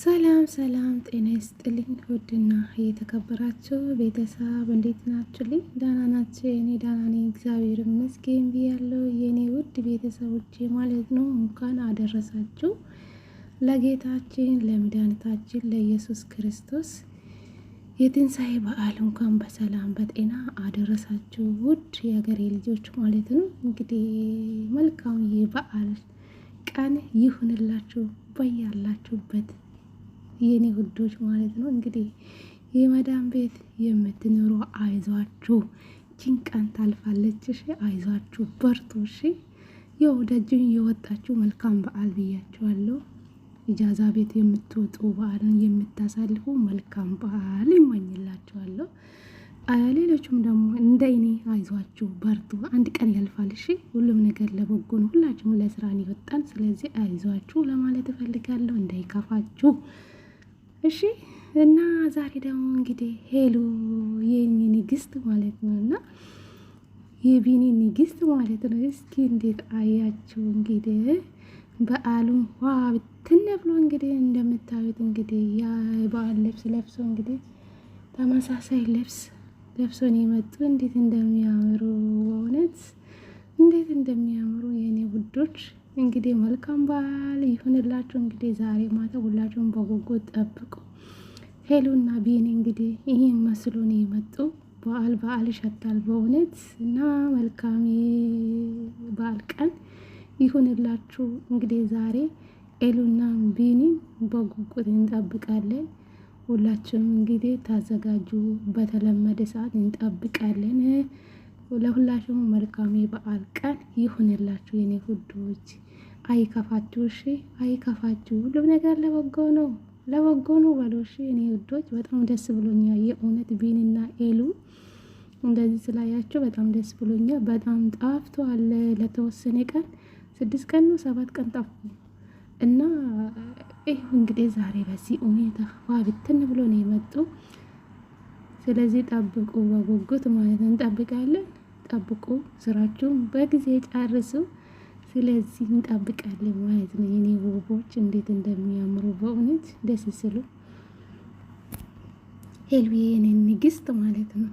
ሰላም ሰላም፣ ጤና ይስጥልኝ ውድና እየተከበራችሁ ቤተሰብ እንዴት ናችሁልኝ? ዳና ናቸው የኔ ዳና ነኝ፣ እግዚአብሔር ይመስገን ብያለሁ። የኔ ውድ ቤተሰቦቼ ማለት ነው እንኳን አደረሳችሁ ለጌታችን ለመድኃኒታችን ለኢየሱስ ክርስቶስ የትንሣኤ በዓል እንኳን በሰላም በጤና አደረሳችሁ ውድ የሀገሬ ልጆች ማለት ነው። እንግዲህ መልካም የበዓል ቀን ይሁንላችሁ በያላችሁበት የኔ ውዶች ማለት ነው። እንግዲህ የመዳም ቤት የምትኖሩ አይዟችሁ፣ ችን ታልፋለች። እሺ አይዟችሁ፣ በርቱ። እሺ የው ደጅን የወጣችሁ መልካም በዓል ብያችኋለሁ። ኢጃዛ ቤት የምትወጡ በዓልን የምታሳልፉ መልካም በዓል ይመኝላችኋለሁ። ሌሎችም ደግሞ እንደ እኔ አይዟችሁ በርቱ። አንድ ቀን ያልፋል። እሺ ሁሉም ነገር ለበጎ ነው። ሁላችሁም ለስራን ይወጣል። ስለዚህ አይዟችሁ ለማለት እፈልጋለሁ። እንዳይከፋችሁ እሺ እና ዛሬ ደግሞ እንግዲህ ሄሉ የኔ ንግስት ማለት ነው እና የቢኒ ንግስት ማለት ነው። እስኪ እንዴት አያችሁ እንግዲህ በዓሉን ዋ ብትነፍሎ እንግዲህ እንደምታዩት እንግዲህ የበዓል ልብስ ለብሶ እንግዲህ ተመሳሳይ ልብስ ለብሶን የመጡ እንዴት እንደሚያምሩ በእውነት እንዴት እንደሚያምሩ የእኔ ውዶች እንግዲህ መልካም በዓል ይሁንላችሁ። እንግዲህ ዛሬ ማታ ሁላችሁም በጉጉት ጠብቁ። ሄሉና ቢኒ እንግዲህ ይህን መስሉን የመጡ በዓል በዓል ይሸታል በእውነት እና መልካም በዓል ቀን ይሁንላችሁ። እንግዲህ ዛሬ ሄሉና ቢኒ በጉጉት እንጠብቃለን። ሁላችሁም እንግዲህ ታዘጋጁ። በተለመደ ሰዓት እንጠብቃለን። ለሁላችሁም መልካም በአል ቀን ይሁንላችሁ የኔ ውዶች። አይከፋችሁ፣ እሺ አይከፋችሁ። ሁሉም ነገር ለበጎ ነው፣ ለበጎ ነው በሉ። እሺ እኔ ውዶች በጣም ደስ ብሎኛ የእውነት ቢንና ኤሉ እንደዚህ ስላያቸው በጣም ደስ ብሎኛ በጣም ጣፍቶ አለ ለተወሰነ ቀን ስድስት ቀን ነው ሰባት ቀን ጠፉ እና ይህ እንግዲህ ዛሬ በዚህ ሁኔታ ብትን ብሎ ነው የመጡ። ስለዚህ ጠብቁ በጉጉት ማለት እንጠብቃለን። ጠብቁ፣ ስራችሁን በጊዜ ጨርሱ። ስለዚህ እንጠብቃለን ማለት ነው። የኔ ውቦች እንዴት እንደሚያምሩ በእውነት ደስ ስሉ ሄሉ የኔን ንግስት ማለት ነው።